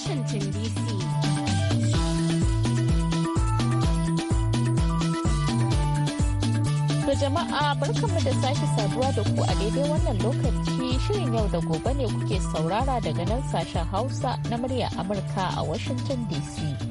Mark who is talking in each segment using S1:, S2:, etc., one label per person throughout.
S1: Washington DC. To jama'a barkanmu da sake saduwa da ku a daidai wannan lokaci shirin yau da gobe ne kuke saurara daga nan sashen Hausa na murya Amurka a Washington DC.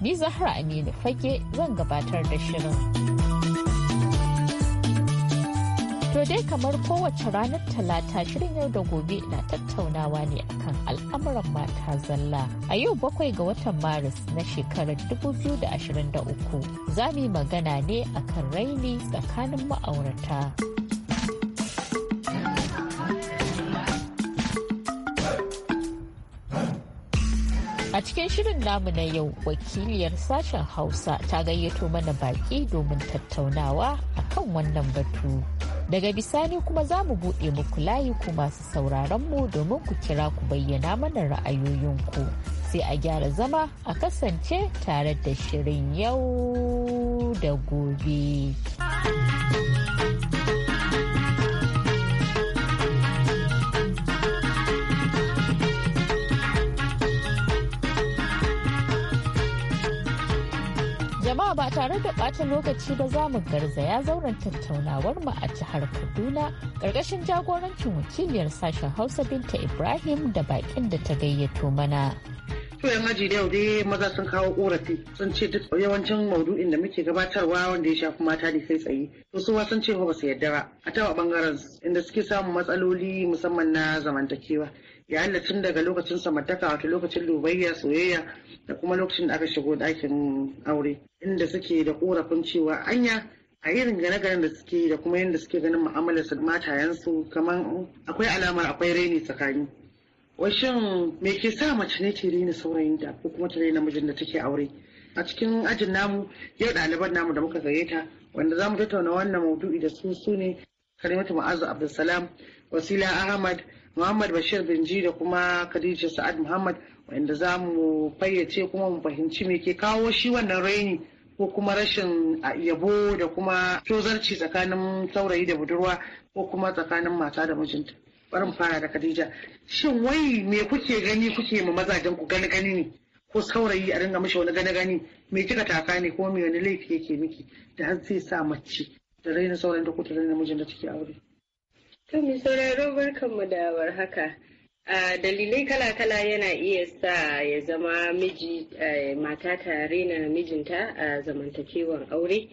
S1: Ni Zahra Aminu Fage zan gabatar da shirin. To dai kamar kowace ranar talata shirin yau da gobe na tattaunawa ne akan al'amuran mata zalla. A yau bakwai ga watan Maris na shekarar 2023 za mu yi magana ne akan raini tsakanin ma'aurata. A cikin shirin namu na yau wakiliyar sashen Hausa ta gayyato mana baki domin tattaunawa a kan wannan batu. Daga bisani kuma za mu buɗe muku layi ku masu sauraron mu domin ku kira ku bayyana mana ra'ayoyinku. Sai a gyara zama a kasance tare da shirin yau da gobe. ba tare da ɓata lokaci ba za mu garzaya zauren tattaunawar mu a jihar Kaduna ƙarƙashin jagorancin wakiliyar sashen Hausa Binta Ibrahim da baƙin da ta gayyato mana.
S2: to yan haji da yau dai maza sun kawo korafi sun ce duk yawancin maudu'in da muke gabatarwa wanda ya shafi mata ne kai tsaye to su sun ce ba su yarda ba a tawa bangaren inda suke samun matsaloli musamman na zamantakewa yayin da tun daga lokacin samartaka wato lokacin lubayya soyayya da kuma lokacin da aka shigo ɗakin aure inda suke da korafin cewa anya a irin gane-ganen da suke da kuma yadda suke ganin mu'amalar su su kamar akwai alamar akwai raini tsakani washin me ke sa mace ne ke saurayin saurayinta ko kuma ta raina mijin da take aure a cikin ajin namu yau ɗaliban namu da muka gayyata wanda za mu tattauna wannan maudu'i da su su ne karimatu ma'azu abdulsalam wasila ahmad muhammad bashir binji da kuma khadija sa'ad muhammad wanda za mu fayyace kuma mu fahimci me ke kawo shi wannan raini ko kuma rashin yabo da kuma tozarci tsakanin saurayi da budurwa ko kuma tsakanin mata da mijinta bari fara da khadija shin wai me kuke gani kuke ma mazajen ku gani gani ne ko saurayi a dinga mishi wani gani gani me kika taka ne ko me wani laifi yake miki da har zai sa mace da raini saurayin da kuta raina mijin da take aure To mi sauraro barkanmu da
S3: warhaka. dalilai kala-kala yana iya sa ya zama miji eh, mata tare na mijinta a zamantakewan aure.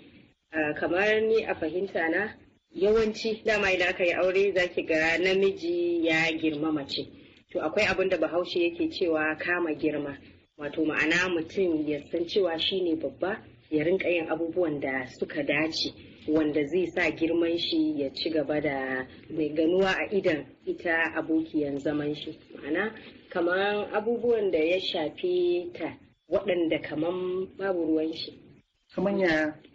S3: Kamar ni a fahimta na yawanci dama idan aka yi aure zaki ga namiji ya girma mace. To akwai abin da bahaushe yake cewa kama girma. Wato ma'ana mutum ya san cewa shine babba ya rinka yin abubuwan da suka dace. wanda zai sa girman shi ya ci gaba da mai ganuwa a idan ita abokiyan zaman shi ma'ana kamar abubuwan da ya shafi ta waɗanda kamar babu ruwan shi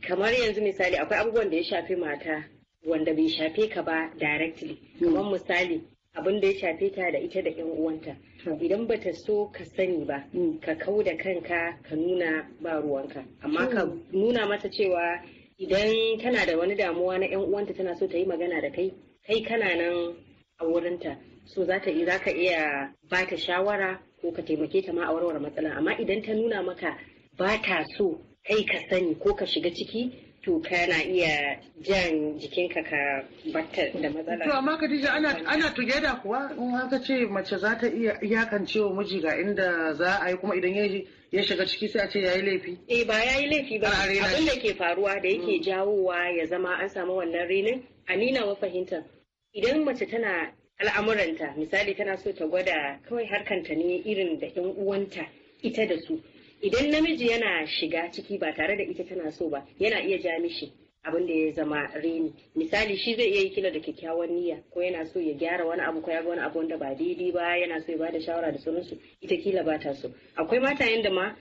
S3: kamar yanzu misali akwai abubuwan da ya shafi mata wanda bai shafe ka ba directly hmm. kamar misali abin da ya shafe ta da ita da yan uwanta hmm. idan bata so ka sani ba hmm. ka kau da kanka ka nuna ba ruwanka amma ka nuna mata cewa idan tana da wani damuwa na 'yan uwanta tana so ta yi magana da kai kai kana nan a wurinta so za ta za ka iya ba ta shawara ko ka taimake ta ma a warware matsala amma idan ta nuna maka ba ta so kai ka sani ko ka shiga ciki to kana iya jan jikinka ka batta da matsala. To amma
S2: Khadija ana ana tugeda kuwa in haka ce mace za ta iya iyakancewa miji ga inda za a yi kuma idan ya ya shiga ciki sai a ce yayi laifi
S3: eh ba yayi laifi ba abin da ke faruwa da yake hmm. jawowa ya zama an samu wannan renin a nina wa fahimta idan mace tana al'amuranta misali tana so ta gwada kawai harkanta ne irin da yan uwanta ita da su idan namiji yana shiga ciki ba tare da ita tana so ba yana iya ja mishi abin da ya zama reni misali shi zai iya yi kila da kyakkyawan niyya ko yana so ya gyara wani abu ko ya ga wani abu wanda ba daidai ba yana so ya bada shawara da sauransu ita kila ba ta so akwai matayen da ma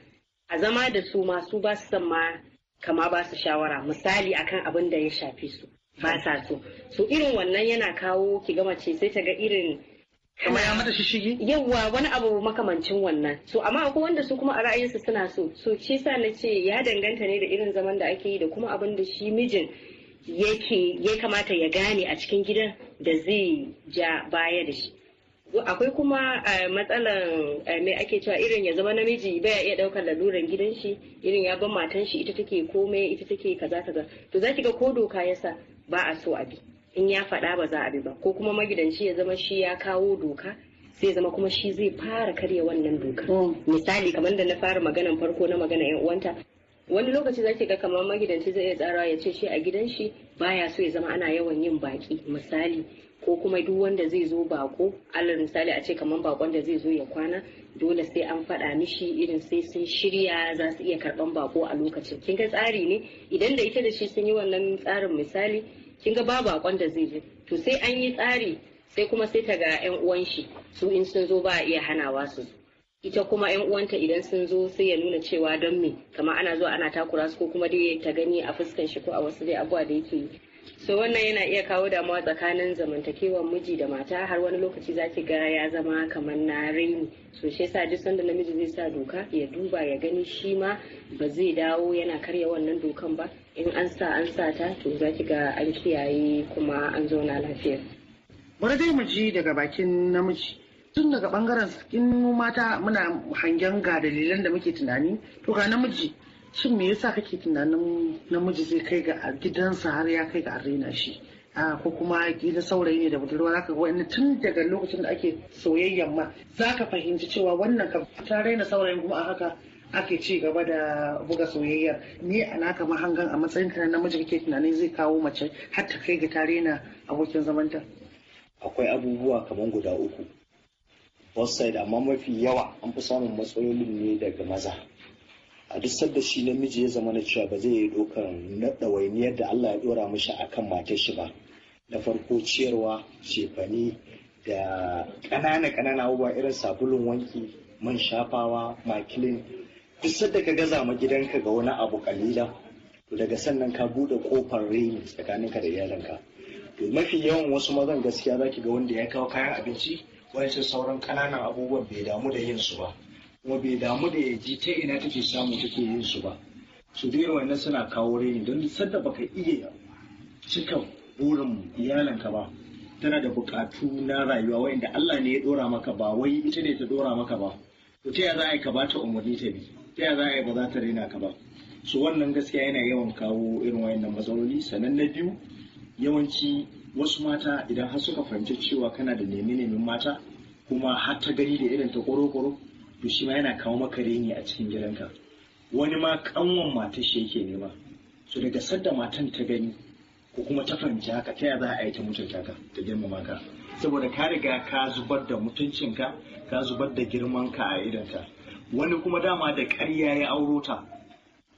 S3: a zama da su ma su ba su san ma kama ba su shawara misali akan abin da ya shafe su ba sa so so irin wannan yana kawo ki ga mace sai ta ga irin Kuma ya mata shishigi? Yawwa wani abu makamancin wannan. So amma akwai wanda su kuma a ra'ayinsu suna so. So shi sa na ce ya danganta ne da irin zaman da ake yi da kuma abin da shi mijin yake ya kamata ya gane a cikin gidan da zai ja baya da shi. akwai kuma eh, matsalan eh, mai ake cewa irin ya zama namiji baya iya daukar laluran gidan shi irin ya ban matan shi ita take komai ita take kaza kaza to zaki ga ko doka yasa ba a so a bi in ya faɗa ba za a bi ba ko kuma magidanci ya zama shi ya kawo doka zai zama kuma shi zai fara karya wannan doka mm. misali kamar da na fara maganan farko na magana yan uwanta wani lokaci za ga kamar magidanci zai iya tsara ya ce shi a gidan shi baya so ya zama ana yawan yin baki misali ko kuma duk wanda zai zo bako allah misali a ce kamar bakon da zai zo ya kwana dole sai an faɗa mishi irin sai sun shirya za su iya karɓan bako a lokacin kin ga tsari ne idan da ita da shi sun yi wannan tsarin misali kin ga babu akon da zai je to sai an yi tsari sai kuma sai ta ga yan uwan shi su in sun zo ba a iya hanawa su ita kuma yan uwanta idan sun zo sai ya nuna cewa don me kamar ana zuwa ana takura su ko kuma dai ta gani a fuskan shi ko a wasu dai abuwa da yake yi so wannan yana iya kawo damuwa tsakanin zamantakewar miji da mata har wani lokaci za ki ga ya zama kamar na raini so shi yasa duk sanda namiji zai sa doka ya duba ya gani shi ma ba zai dawo yana karya wannan dokan ba in an sa an sa ta to za ki
S2: ga an kiyaye kuma an zauna lafiya. Bari dai mu ji daga bakin namiji tun daga bangaren in mata muna hangen ga dalilan da muke tunani to ga namiji shin me yasa kake tunanin namiji zai kai ga gidansa har ya kai ga arena shi ko kuma gida saurayi ne da budurwa zaka wani tun daga lokacin da ake soyayyan ma zaka fahimci cewa wannan ka ta raina saurayin kuma a haka ake ci gaba da buga soyayyar ni a naka mahangan a matsayin ta namiji kake tunani zai kawo mace har ta kai ga tare na abokin zamanta
S4: akwai abubuwa kamar guda uku both side amma mafi yawa an fi samun matsalolin ne daga maza a duk sadda shi namiji ya zama na cewa ba zai yi dokar na ɗawainiyar da Allah ya ɗora mishi akan matar shi ba na farko ciyarwa shefani da ƙanana ƙanana abubuwa irin sabulun wanki man shafawa makilin duk sadda ka gaza ma gidanka ga wani abu kalila to daga sannan ka bude kofar reni tsakaninka da iyalanka to mafi yawan wasu mazan gaskiya zaki ga wanda ya kawo kayan abinci wayansu sauran kananan abubuwan bai damu da yin su ba kuma bai damu da ya ji ta ina take samu take yin su ba su dai wannan suna kawo raini don sadda baka iya cika burin iyalanka ba tana da bukatu na rayuwa wa'inda Allah ne ya dora maka ba wai ita ne ta dora maka ba to ta ya za a yi ka bata umarni ta bi ta ya za a yi ba za ta daina ka ba su wannan gaskiya yana yawan kawo irin wayannan matsaloli sannan na biyu yawanci wasu mata idan har suka fahimci cewa kana da nemi nemin mata kuma har ta gani da irin ta koro-koro to shi ma yana kawo maka reni a cikin gidanka wani ma kanwan matar shi yake nema su daga sadda matan ta gani ko kuma ta fahimci haka ta yaya za a yi ta mutunta ka ta girmama ka saboda ka riga ka zubar da mutuncinka ka zubar da girmanka a idanta wani kuma dama da karya ya auro ta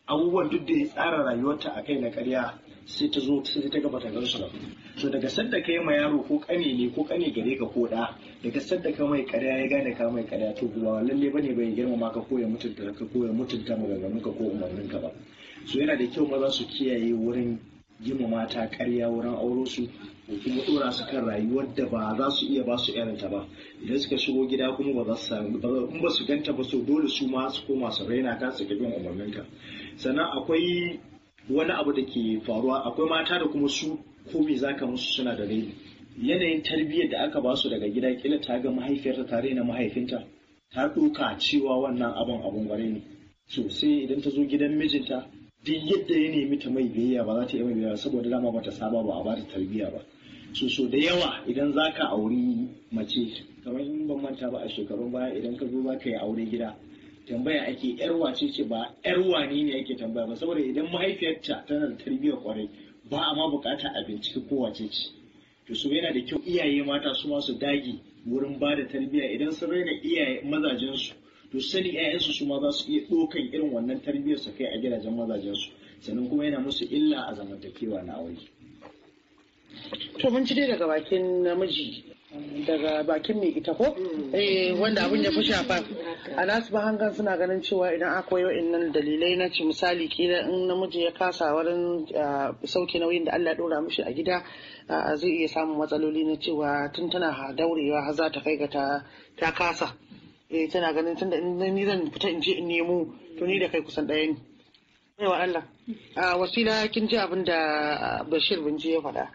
S4: abubuwan duk da ya tsara rayuwarta a kai na karya sai ta zo sai ta gaba ta gansu ba so daga sanda kai ma yaro ko kane ne ko kane gare ka ko da daga sanda ka mai ƙarya ya gane ka mai karya to kuma lalle bane bai girmama ka ko ya mutunta ka ko ya mutunta maganganunka ko umarninka ba so yana da kyau maza su kiyaye wurin yi ma mata karya wurin auro su da kuma ɗora su kan rayuwar da ba za su iya ba su yaranta ba idan suka shigo gida kuma ba za su ba su ganta ba so dole su ma su koma su raina ka su bin umarninka sannan akwai wani abu da ke faruwa akwai mata da kuma su ko me za ka musu suna da raini yanayin tarbiyyar da aka ba su daga gida kila ta ga mahaifiyarta ta raina mahaifinta ta ɗauka cewa wannan abin abin gwarai ne Sosai idan ta zo gidan mijinta duk yadda ya nemi ta mai biyayya ba za ta yi mai biyayya saboda dama bata saba ba a ba ta tarbiyya ba so so da yawa idan za ka auri mace kamar in ban manta ba a shekarun baya idan ka zo za ka yi aure gida tambaya ake yar wace ce ba yar wani ne ake tambaya ba saboda idan mahaifiyarta tana da tarbiyya kwarai ba a ma bukata a bincike ko wace ce to so yana da kyau iyaye mata su ma su dage wurin ba da tarbiyya idan sun raina iyaye mazajensu to sani ƴaƴansu su ma za su iya ɗaukan irin wannan tarbiyyar su kai a gidajen mazajensu sannan kuma yana musu illa a zamantakewa na aure.
S2: to mun ci dai daga bakin namiji daga bakin mai ita ko eh, wanda abin ya fi shafa a nasu bahangan suna ganin cewa idan akwai wa'annan dalilai na ci misali kila in namiji ya kasa wurin sauke nauyin da Allah ya dora mishi a gida zai iya samun matsaloli na cewa tun tana daurewa har za ta kai ga ta kasa eh tana ganin tunda ni zan fita in je in nemo to ni da kai kusan ɗaya ne baiwa Allah a wasila kin ji abin da Bashir bin ya faɗa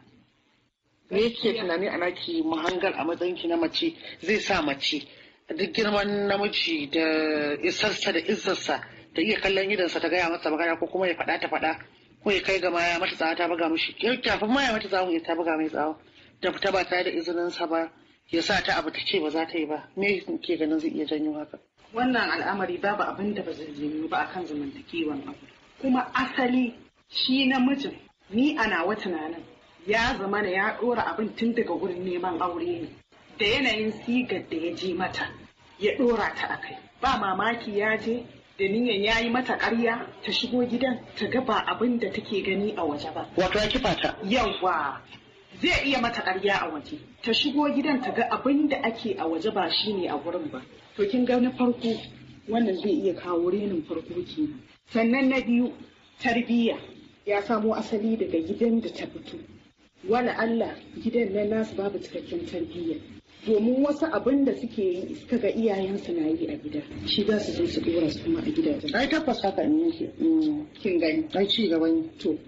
S2: me yake tunani a naki mahangar a matsayin ki na mace zai sa mace duk girman namiji da isarsa da izzarsa da iya kallon idansa ta gaya masa magana ko kuma ya faɗa ta faɗa ko ya kai ga maya mata tsawa ta buga mishi kafin maya mata tsawo ya ta buga mai tsawa da fita ba tare da izinin sa ba ya sa ta abu ta ce ba za ta yi ba me ke ganin zai iya janyo haka
S5: wannan al'amari
S2: babu abin da ba zai janyo ba akan zamantakewan abu
S5: kuma asali shi namijin
S2: ni a nawa tunanin
S5: ya zama na ya ɗora abin tun daga wurin neman aure ne da yanayin sigar da ya je mata ya ɗora ta a kai ba mamaki ya je da niyan ya yi mata karya ta shigo gidan ta ga ba abin da take gani a waje ba
S2: wato ya kifa ta
S5: yawwa zai iya mata ƙarya a waje ta shigo gidan ta ga abin da ake a waje ba shine a gurin ba to kin ga na farko wannan zai iya kawo renin farko kenan sannan na biyu tarbiyya ya samo asali daga gidan da ta fito wala Allah gidan na nasu babu cikakken tarbiyya domin wasu abin da suke yi suka ga iyayensu na yi a gida shi za su zo su dora su kuma a gidajen ai tabbas haka ne yake mm, kin gani ai ci gaba to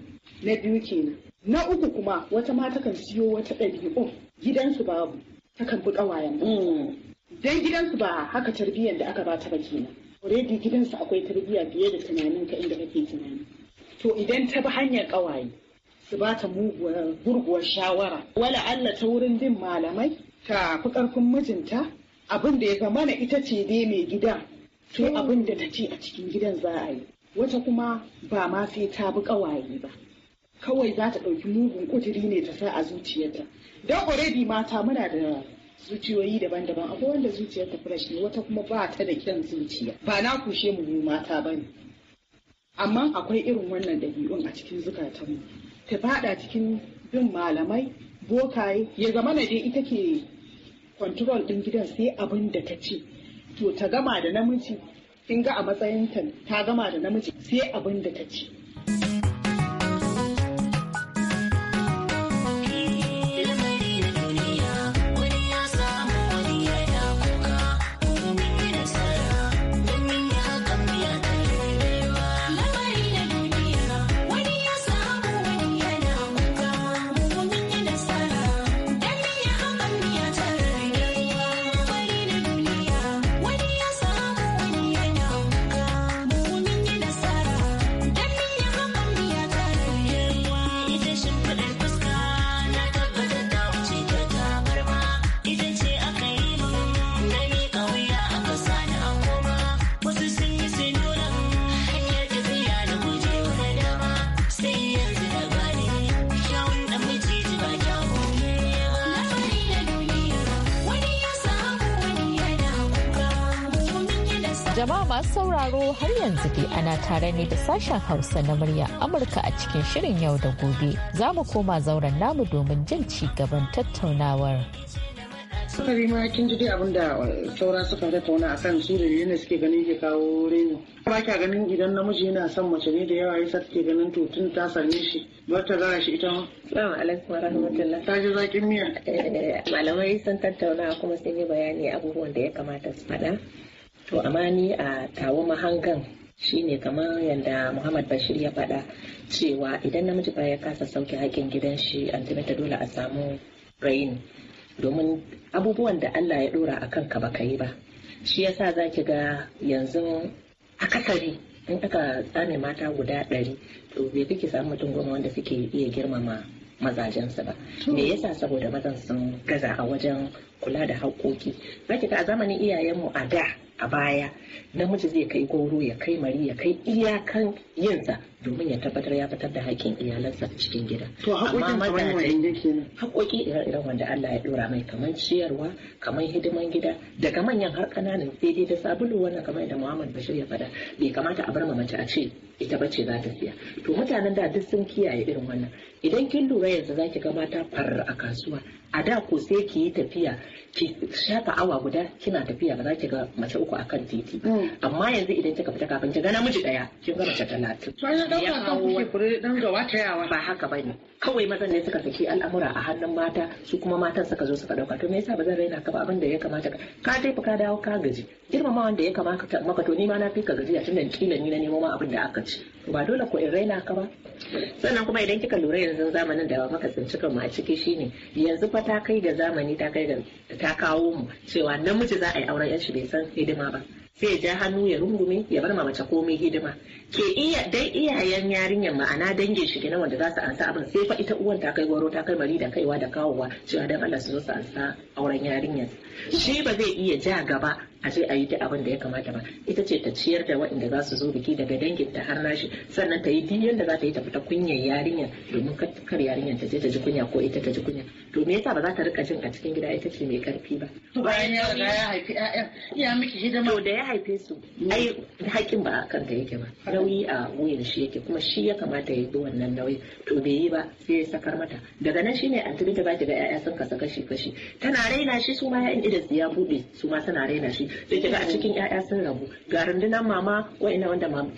S5: na biyu kenan na uku kuma wata ma takan siyo wata ɗabi'u gidansu babu takan bi ƙawayen mm. dan gidansu ba haka tarbiyyar da aka bata ba kenan already gidansu akwai tarbiyya fiye da tunanin ka inda kake tunani to idan ta bi hanyar ƙawaye su ba ta gurguwar shawara wala Allah ta wurin bin malamai ta fi ƙarfin mijinta abin da ya na ita ce dai mai gida to mm. abin da ta ce a cikin gidan za a yi wata kuma ba ma sai ta bi ƙawaye ba kawai za ta ɗauki mugun ƙudiri ne ta sa a zuciyarta don already mata muna da zuciyoyi daban-daban akwai wanda zuciyarta fresh ne wata kuma ba ta da kyan zuciya ba na kushe mu mu mata ba ne amma akwai irin wannan ɗabi'un a cikin zukatanmu ta faɗa cikin bin malamai bokaye ya zama na dai ita ke kwantarol ɗin gidan sai abin da ta ce to ta gama da namiji in ga a matsayinta ta gama da namiji sai abin da ta ce
S1: masu sauraro har yanzu dai ana tare ne da sashen hausa na murya amurka a cikin shirin yau da gobe za mu koma zauren namu domin jin ci gaban tattaunawar
S2: suka rima kin ji dai abin da saura suka tattauna a kan su da yana suke ganin ke kawo reno ba kya ganin idan namiji yana son mace ne da yawa yasa take ganin to tun ta same shi ba ta gara shi ita ma assalamu alaikum warahmatullahi ta ji zakin miya eh, malamai sun tattauna kuma sun yi bayani
S6: abubuwan da ya kamata su faɗa to amma a tawo mahangan shine kamar yadda muhammad bashir ya faɗa cewa idan namiji ba ya kasa sauke haƙƙin gidan shi ta dole a samu rain domin abubuwan da allah ya ɗora a kanka ba ka yi ba shi ya sa za ki ga yanzu akasari in aka tsame mata guda ɗari to bai kike samu mutum goma wanda suke iya girmama mazajensu ba me yasa saboda mazan sun gaza a wajen kula da haƙoƙi za ki ga a zamanin iyayenmu a da a baya namiji zai kai goro ya kai mari ya kai iyakan yinsa domin ya tabbatar ya fitar da hakkin iyalansa cikin gida. To haƙoƙi irin iren wanda Allah ya dora mai kamar ciyarwa kamar hidiman gida daga manyan har ƙananan sai dai da sabulu wannan kamar da Muhammad Bashir ya faɗa bai kamata a bar ma mace a ce ita bace za ta siya. To mutanen da duk sun kiyaye irin wannan idan kin lura yanzu zaki ga mata farar a kasuwa a da ko sai ki yi tafiya ki shafa awa guda kina tafiya ba za ki ga mace uku akan titi mm. amma yanzu idan kika fita kafin ki ga namiji daya kin ga mace talatin to ya dauka kan kuke kure dan gawa ta yawa ba haka bane kawai mazan ne suka saki al'amura a hannun mata su kuma matan suka zo suka dauka to me yasa ba zan raina ka ba abin da ya kamata ka ka dai ka dawo ka gaji girmama wanda ya kamata maka to ni ma na fika ka gaji a tunda kila ni na nemo ma abin da aka ci ba dole ku in raina ka ba sannan kuma idan kika lura yanzu zamanin da maka tsinci kanmu a ciki shine yanzu fa ta kai ga zamani ta kai ga ta kawo mu cewa namiji za a yi auren yan shi bai san hidima ba sai ja hannu ya rungume ya bar ma mace komai hidima ke iya dai iyayen yarinyar ma'ana dangin shi na wanda za su ansa abin sai fa ita uwan ta kai gwaro ta kai mari da kaiwa da kawowa cewa dan Allah su zo su ansa auren yarinyar shi ba zai iya ja gaba a ce a yi duk abin da ya kamata ba ita ce ta ciyar da waɗanda za su zo biki daga dangin ta har nashi sannan ta yi duk yadda za ta yi ta fita kunyar yarinyar domin kar yarinyar ta je ta ji kunya ko ita ta ji kunya to me yasa ba za ta rika jin a cikin gida ita ce mai karfi ba
S2: bayan ya ya haifi ya'ya ya miki hidima ya haife su
S6: ai haƙin ba a kanka yake ba nauyi a wuyan shi yake kuma shi ya kamata ya bi wannan nauyi to bai yi ba sai ya sakar mata daga nan shine antini ta baki ga yaya sun kasa kashi kashi tana raina shi su ma ya'yan idan ya buɗe su ma tana raina shi sai kiga a cikin yaya sun rabu ga rundunan mama wa'ina wanda mama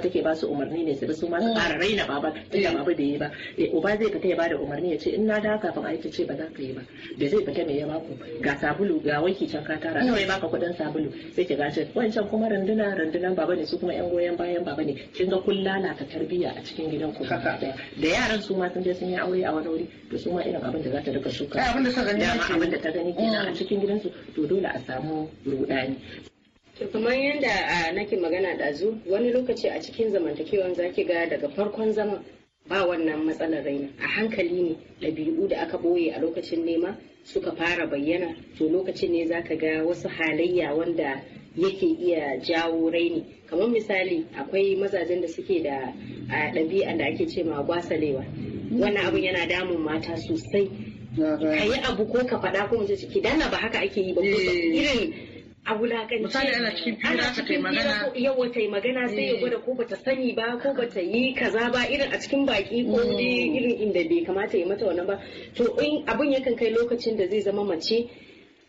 S6: take ba su umarni ne su bi su ma su fara raina baba tunda baba bai yi ba eh, uba zai fita ya bada umarni ya ce in na da kafin aiki ce ba za ka yi ba da zai fita mai ya baku ga sabulu ga wanki can ka tara nawa ya baka kudin sabulu sai ki gashi wancan kuma runduna rundunan baba ne su kuma yan goyon bayan baba ne kin ga kun lalata tarbiyya a cikin gidan ku da yaran su ma sun je sun yi aure a wani wuri to su ma irin abin da za ta rika shuka abin da ta gani abin da ta gani kenan a mm. cikin gidansu to dole a
S3: samu rudani To kamar yadda a nake magana ɗazu wani lokaci a cikin zamantakewan zaki ga daga farkon zaman ba wannan matsalar raina a hankali ne ɗabi'u da aka ɓoye a lokacin nema suka fara bayyana to lokacin ne zaka ga wasu halayya wanda yake iya jawo raini kamar misali akwai mazajen da suke da ɗabi'a da ake ce ma gwasalewa wannan abun yana damun mata sosai ka yi abu ko ka faɗa ko mace ciki dana ba haka ake yi ba eh. irin a wulakance misali ana cikin fira ta kai magana yawa ta magana sai ya eh. gwada ko bata sani ba ko bata yi kaza ba irin a cikin baki ko mm. irin inda bai kamata ya mata wannan ba to in abun yakan kai lokacin da zai zama mace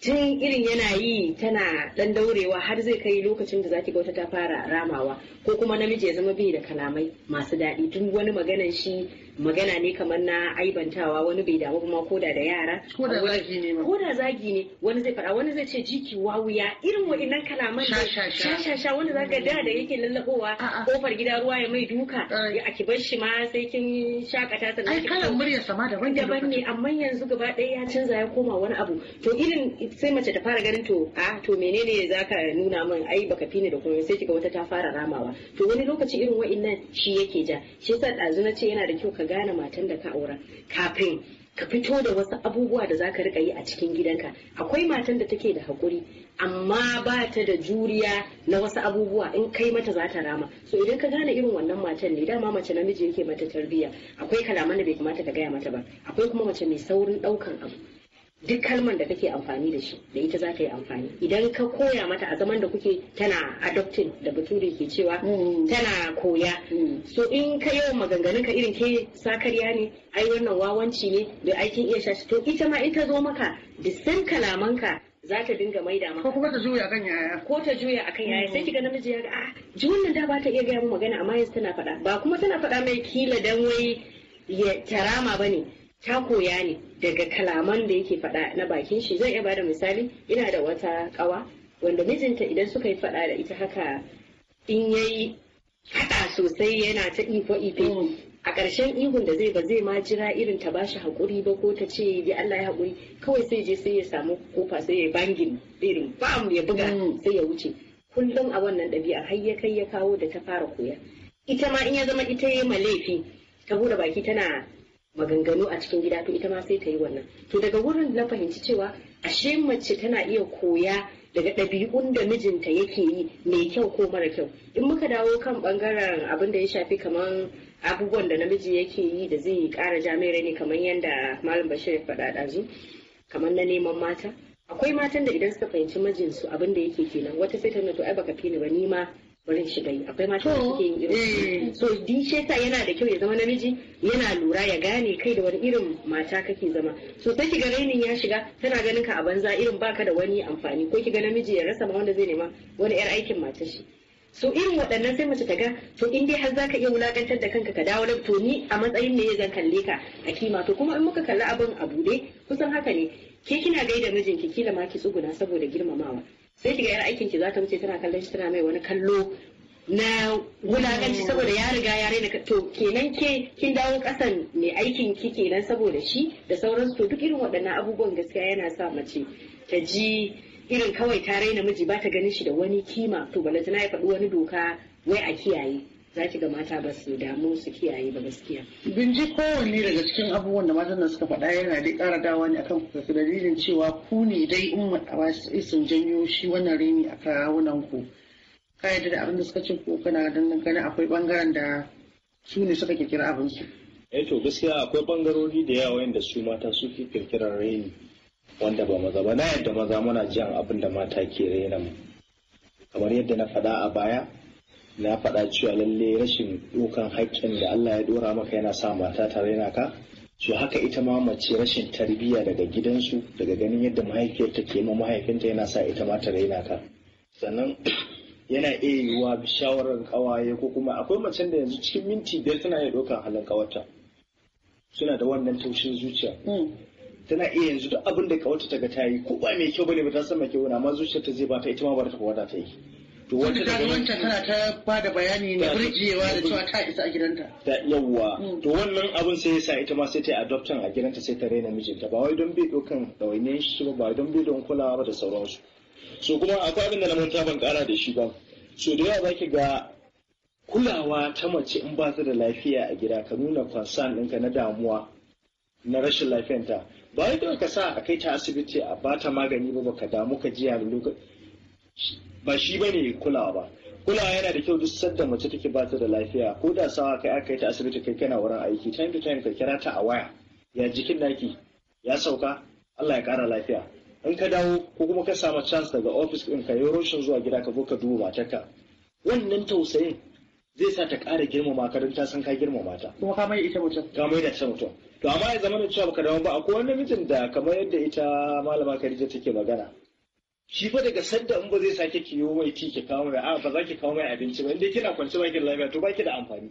S3: tun irin yana yi tana dan daurewa har zai kai lokacin da zaki ga wata ta fara ramawa ko kuma namiji ya zama bai da kalamai masu daɗi tun wani maganan shi magana ne kamar na aibantawa wani bai damu kuma koda da yara koda zagi ne zagi ne wani zai faɗa wani zai ce jiki
S5: wawuya irin
S3: wa'innan kalaman da sha sha wani zaka da da yake lallabowa kofar gida ruwa ya mai duka a kibar shi ma sai kin shakata sannan ai kalan murya sama daban ne amma yanzu gaba ɗaya ya canza ya koma wani abu to irin sai mace ta fara ganin to a ah, to menene za ka nuna min ai baka fi ni da komai sai kiga wata ta fara ramawa to wani lokaci irin wa'innan shi yake ja shi yasa ɗazu na ce yana da kyau ka gane matan da ka aura kafin ka fito da wasu abubuwa da za ka riƙa yi a cikin gidanka akwai matan da take da haƙuri amma ba ta da juriya na wasu abubuwa in kai mata za ta rama so idan ka gane irin wannan matan ne dama mace namiji yake mata tarbiyya akwai kalaman da bai kamata ka gaya mata ba akwai kuma mace mai saurin ɗaukan abu duk kalman da kake amfani da shi da ita za ka yi amfani idan ka koya mata a zaman da kuke tana adopting da bature ke cewa mm. tana koya mm. so in ka yawan maganganun ka irin ke sakarya ne ai wannan wawanci ne da aikin iya shashi to ita ma in ta zo maka da san kalamanka za ta dinga maida maka. Ko kuma ta juya kan yaya. Ko ta juya akan yaya mm. sai kiga namiji ya ga ah ji wannan da ba ta iya gaya mu magana amma yanzu tana faɗa ba kuma tana faɗa mai kila dan wai ya tarama bane ta koya ne daga kalaman da yake faɗa na bakin shi zan iya ba da misali ina da wata kawa wanda mijinta idan suka yi faɗa da ita haka in yayi faɗa sosai yana ta ifo ife mm. a ƙarshen ihun da zai ba zai ma jira irin ta bashi hakuri ba ko ta ce ya Allah ya haƙuri kawai sai je sai ya samu kofa sai ya bangin irin bam ya buga mm. sai ya wuce kullum a wannan ɗabi'a har ya kai ya kawo da ta fara koya ita ma in ya zama ita ya ma laifi ta bude baki tana maganganu a cikin gida to ita ma sai ta yi wannan to daga wurin na fahimci cewa ashe mace tana iya koya daga ɗabi'un da mijinta yake yi mai kyau ko mara kyau in muka dawo kan ɓangaren abin da ya shafi kamar abubuwan da namiji yake yi da zai kara jami'ai ne kamar yadda malam bashir ya faɗa ɗazu kamar na neman mata akwai matan da idan suka fahimci mijinsu abin da yake kenan wata sai ta to ai baka fi ni ba ni ma barin shiga yi akwai mata da suke yin irin eh. so din sheta yana da kyau ya zama namiji yana lura ya gane kai da wani irin mata kake zama so sai kiga rainin ya shiga tana ganin ka a banza irin baka da wani amfani ko kiga namiji ya rasa ma wanda zai nema wani yar aikin mata shi so irin waɗannan sai mace ta ga to in dai har zaka iya wulakantar da kanka ka dawo to ni a matsayin ne zan kalle ka a kima to kuma in muka kalli abin a bude kusan haka ne ke kina gaida mijinki kila ma ki tsuguna saboda girmamawa sai shiga yar aikin ki za wuce tana kallon shi tana mai wani kallo na wulaganci saboda ya riga ya raina to kenan ke kin dawo kasan mai aikin ki kenan saboda shi da sauransu to duk irin waɗannan abubuwan gaskiya yana sa mace ta ji irin kawai ta raina miji ba ta ganin shi da wani kima to balantana ya faɗi wani doka wai a kiyaye za ki ga mata ba su damu su kiyaye ba gaskiya.
S2: ji kowanne daga cikin abubuwan da matan suka faɗa yana dai ƙara dawa ne akan kuka dalilin cewa ku ne dai in matsawa sun janyo shi wannan rini a kawunan ku. Ka yadda da abin da suka ce ko kana don gani akwai bangaren da su ne suka kirkira abin su. Eh to gaskiya akwai bangarori da yawa
S4: yadda su mata suke kirkirar raini. wanda ba maza ba na yadda maza muna jan abin da mata ke rena mu. Kamar yadda na faɗa a baya na faɗa cewa lalle rashin ɗaukan haƙƙin da Allah ya dora maka yana sa mata tare na ka to haka ita ma mace rashin tarbiyya daga gidansu daga ganin yadda mahaifiyarta ke ma mahaifinta yana sa ita ma ta raina ka sannan yana iya yiwuwa shawarar kawaye ko kuma akwai macen da yanzu cikin minti biyar tana iya ɗaukan halin kawata suna da wannan taushin zuciya mm. tana iya yanzu duk abin da kawata ta ga ta yi ko ba mai kyau bane ba ta san mai kyau amma zuciyarta zai ba ta ita ma ba ta kawata ta yi to tana ta ba da bayani na da cewa
S2: ta isa a gidanta
S4: yawwa mm. to wannan abin sai yasa ita ma sai ta adoption a gidanta sai ta raina mijinta ba wai don bai dokan ɗawainiyar shi ba don bai don kulawa ba da sauransu so kuma akwai abin da na manta ban kara da shi ba so da yawa zaki ga kulawa ta mace in ba ta da lafiya a gida ka nuna kwasan ɗinka na damuwa na rashin lafiyanta ba wai ka sa a kai ta asibiti a bata magani ba ka damu ka jiya da lokaci ba shi bane kulawa ba kulawa yana da kyau duk sadda mace take ba ta da lafiya ko da sawa kai aka yi ta asibiti kai kana wurin aiki time to time ka kira ta a waya ya jikin naki ya sauka Allah ya kara lafiya in ka dawo ko kuma ka samu chance daga office din ka yi roshin zuwa gida ka zo ka duba matarka wannan tausayin zai sa ta ƙara girmama ka don ta san ka girmama ta kuma ka mai ita mutum ka mai da ta mutum to amma ya zama da cewa baka dawo ba akwai wani mijin da kamar yadda ita malama Khadija take magana shi fa daga sadda in ba zai sake kiyo mai ki ki kawo mai ba za ki kawo mai abinci ba inda kina kwance ba ki lafiya to ba ki da amfani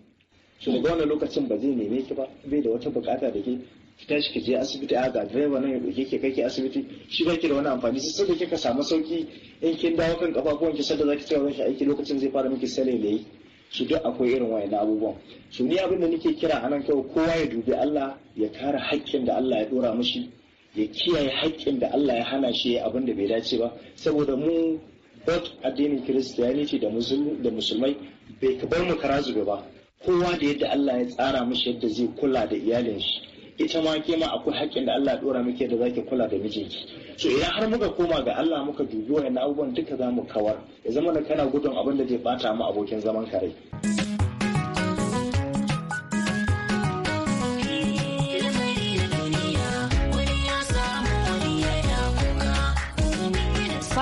S4: so daga wannan lokacin ba zai neme ki ba bai da wata bukata da ke ki tashi ki je asibiti a ga direba nan ya dauke ki kai ki asibiti shi ba ki da wani amfani sai sai kika samu sauki in kin dawo kan kafafuwan ki za ki tsaya ki aiki lokacin zai fara miki sale mai su duk akwai irin na abubuwan su ni abin da nake kira anan kawai kowa ya dubi Allah ya kare haƙƙin da Allah ya dora mishi ya kiyaye haƙƙin da Allah ya hana shi abin da bai dace ba saboda mu bot addinin christianity da musulmai bai bar mu kara zube ba kowa da yadda Allah ya tsara mishi yadda zai kula da iyalin shi ita ma ke ma akwai haƙƙin da Allah ya dora miki da zaki kula da mijinki to idan har muka koma ga Allah muka dubi wayannan abubuwan duka za mu kawar ya zama da kana gudun abin da zai bata mu abokin zaman kare.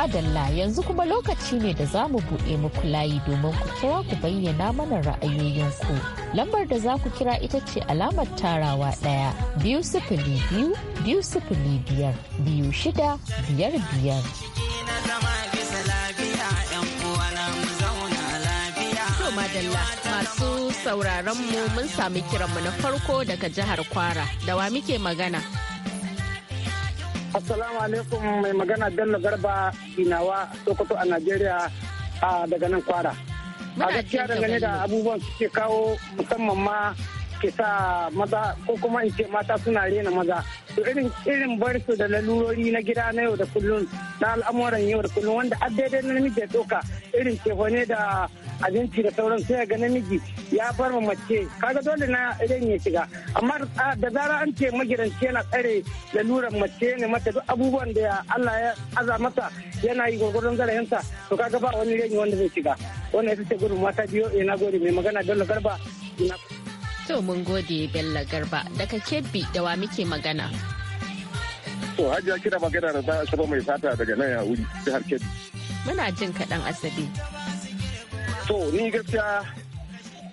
S1: madalla yanzu kuma lokaci ne da za mu buɗe muku layi domin ku kira ku bayyana mana ra'ayoyinku. Lambar da za ku kira ita ce alamar tarawa ɗaya biyu sifili biyu biyu sifili biyar biyu shida biyar biyar. masu sauraron mu mun sami kiranmu na farko daga jihar kwara da wa muke magana
S2: Assalamu alaikum mai magana Bello Garba Inawa Sokoto a Najeriya daga nan kwara. A gaskiya dangane da abubuwan suke kawo musamman ma ke sa maza ko kuma in ce mata suna rena maza to irin irin barisu da lalurori na gida na yau da kullun na al'amuran yau da kullun wanda a daidai na namiji ya doka irin cefa da abinci da sauran sai ga namiji
S4: ya bar ma mace kaga dole na idan ya shiga amma da zara an ce magidanci yana tsare laluran mace ne mata duk abubuwan da Allah ya aza mata yana yi gwargwadon zarafinsa to kaga ba wani reni wanda zai shiga wannan ita ce gudun mata biyo ina eh, gode mai magana Bello Garba
S1: to mun gode Bello Garba daga Kebbi da wa muke magana
S4: to hajiya kira magana da za a mai fata daga nan ya wuri jihar Kebbi
S1: muna jin kaɗan asabi to ni gaskiya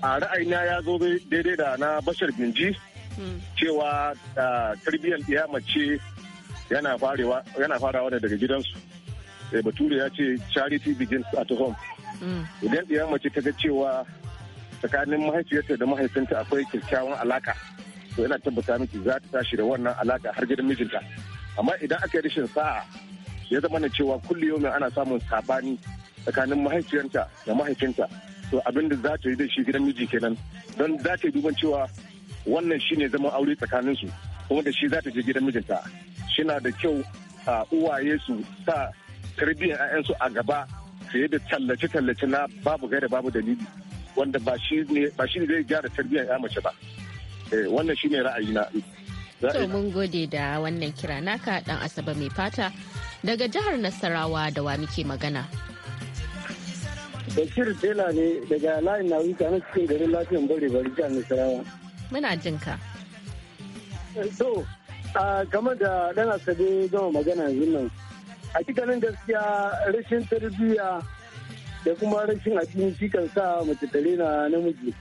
S4: a ra'ayina ya zo daidai da na bashar binji cewa tarbiyyar iya mace yana farawa ne daga gidansu da eh, bature ya ce charity begins at home idan ya mace ta ga cewa tsakanin mahaifiyarta da mahaifinta akwai kyakkyawan alaka to yana tabbata miki za ta tashi da wannan alaka har gidan mijinta amma idan aka yi rashin sa'a ya zama na cewa kulle yau ana samun sabani tsakanin mahaifiyarta da mahaifinta to abin da za ta yi da shi gidan miji kenan don za ta yi duban cewa wannan ne zaman aure tsakanin su kuma da shi za ta je gidan mijinta shina da kyau a uwaye su sa tarbiyyar su a gaba fiye da tallace-tallace na babu gaira babu dalili wanda ba shi ne zai gyara tarbiyyar 'ya mace ba eh, wannan ne ra'ayi na To
S1: mun gode da wannan kira naka dan Asaba mai fata daga jihar Nasarawa da wa muke magana.
S4: Bashir Tela ne daga layin na wuta na cikin garin lafiyan bari bari jihar Nasarawa.
S1: Muna jin ka. So,
S4: game da ɗan asabe zama magana yanzu nan. A cikin gaskiya rashin tarbiyya da kuma rashin addini shi kan sa mace tare na namiji.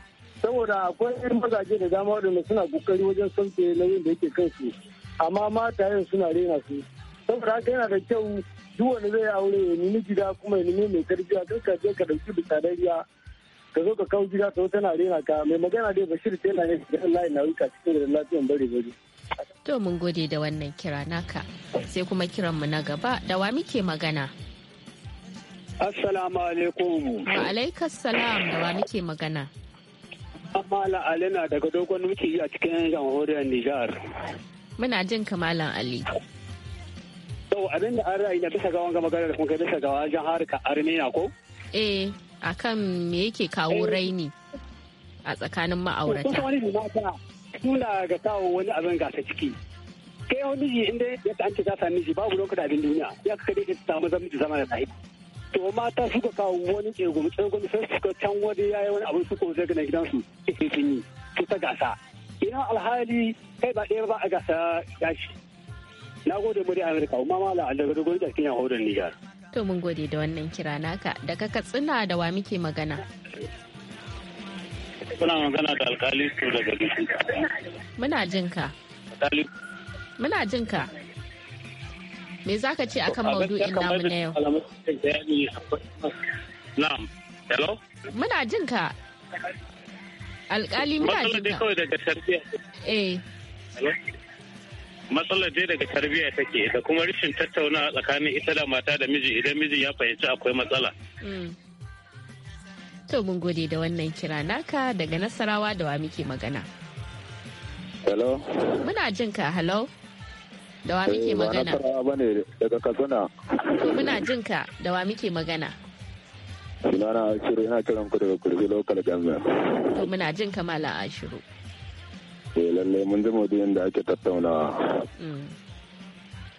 S4: Saboda akwai irin mazaje da dama waɗanda suna kokari wajen sauke nauyin da yake kansu. Amma mata yin suna rena su. Saboda haka yana da kyau duk wani zai aure ya ni gida kuma ya ne mai tarbiyya kar ka je ka dauki bisadariya ka zo ka kawo gida ka tana rena ka mai magana dai bashir tela ne da Allah ya nauka cikin da lafiyan bare bare
S1: to mun gode da wannan kira naka sai kuma kiran mu na gaba da wa muke magana
S4: assalamu alaikum wa
S1: alaikas salam da wa muke magana
S4: Kamala Ali na daga dogon yi a cikin jamhuriyar Nijar.
S1: Muna jin Kamalan Ali.
S4: to abin da an ra'ayi bisa ga wanga magana da kuma kai bisa ga wajen harka armena ko
S1: eh akan me yake kawo eh. raini a tsakanin ma'aurata kuma wani ta
S4: tuna ga kawo wani abin gasa ciki kai wani miji inda ya ta anci ta sami miji babu lokacin abin duniya ya ka dai ta samu zama da zama da tsaye to mata suka kawo wani tsegumi tsegumi sai suka can wani yayi wani abin suka zai gina gidansu cikin ke yi su ta gasa
S1: ina alhali
S4: kai ba ɗaya ba a gasa gashi na gode mu da amurka ma mala daga dogon jakin yahu da nijar
S1: to mun gode da wannan kira naka da ka katsina da wa muke magana
S4: muna magana da alkali su daga
S1: muna jin ka muna jin me za ka ce akan maudu'in namu na yau
S4: na'am hello
S1: muna jin ka alkali muna jin
S4: ka eh matsalar dai daga tarbiyya take da kuma rashin tattauna tsakanin ita da mata da miji idan miji ya fahimci akwai matsala.
S1: Mm. To mun gode da wannan kira naka daga nasarawa da wa muke magana. Hello. Muna jin ka hello. Da wa muke eh, magana. Ba nasarawa
S4: bane daga Katsina.
S1: To muna jin ka da wa muke magana.
S4: Sunana Ashiru ina kiran ku daga Kurbi Local Government.
S1: To muna jin ka Malam Ashiru.
S4: eh lallai mun ji maudu'in da ake tattaunawa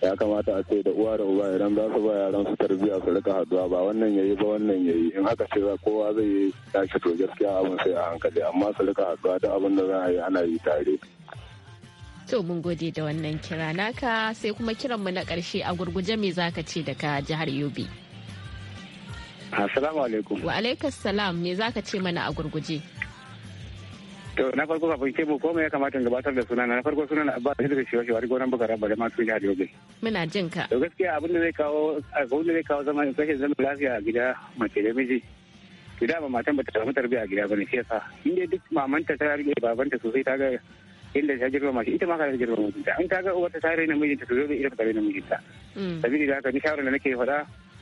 S4: ya kamata a ce da uwa da uba idan za su ba yaran su tarbiya su rika haduwa ba wannan yayi ba wannan yayi in haka ce za kowa zai yi tashi to gaskiya abin sai a hankali amma su rika haduwa da abin da za a yi ana yi tare
S1: to mun gode da wannan kira naka sai kuma kiran mu na karshe a gurguje me zaka ce daga jihar Yobe
S4: Assalamu alaikum.
S1: Wa alaikas salam me zaka ce mana a gurguje?
S4: To na farko kafin ce mu ko ya kamata gabatar da sunana na farko sunana Abba Idris Shiwashi wari gonan bukara ba da masu jihar Yobe.
S1: Muna jin ka. To
S4: gaskiya abin da zai kawo abin da zai kawo zaman rashin zaman lafiya a gida mace da miji. To da ba matan ba ta samu tarbiyya a gida ba ne shi yasa in dai duk mamanta ta rike babanta sosai ta ga inda ta girma mace ita ma ka girma mijinta an ta ga uwarta ta raina mijinta to dole ita ta raina mijinta. Mm. Sabili da haka ni shawarar da nake faɗa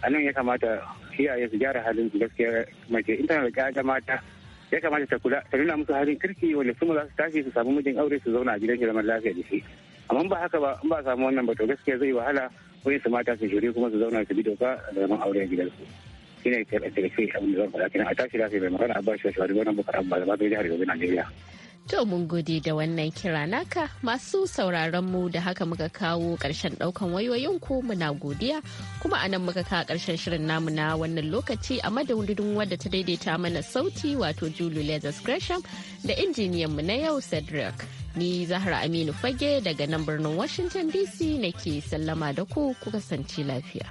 S4: a nan ya kamata iyaye su gyara halin su gaskiya mace in tana da mata ya kamata ta kula ta nuna musu halin kirki wanda su za su tashi su samu mijin aure su zauna a gidan shi zaman lafiya da shi amma ba haka ba in ba samu wannan ba to gaskiya zai wahala wani su mata su shirye kuma su zauna su bi doka a zaman aure a gidansu shi ne ta ƙarfi abin da zan faɗa kenan a tashi lafiya mai magana a ba shi wa shawarar wannan bukar abba da ba zai jihar Yobe Najeriya.
S1: To mun gode da wannan kira naka masu sauraron mu da haka muka kawo ƙarshen ɗaukan wayoyin ku muna godiya kuma anan muka kawo ƙarshen shirin namu na wannan lokaci a madadin wadda ta daidaita mana sauti wato Julie Leathers Gresham da injiniyan mu na yau Cedric. Ni Zahra Aminu Fage daga nan birnin Washington DC nake sallama da ku ku kasance lafiya.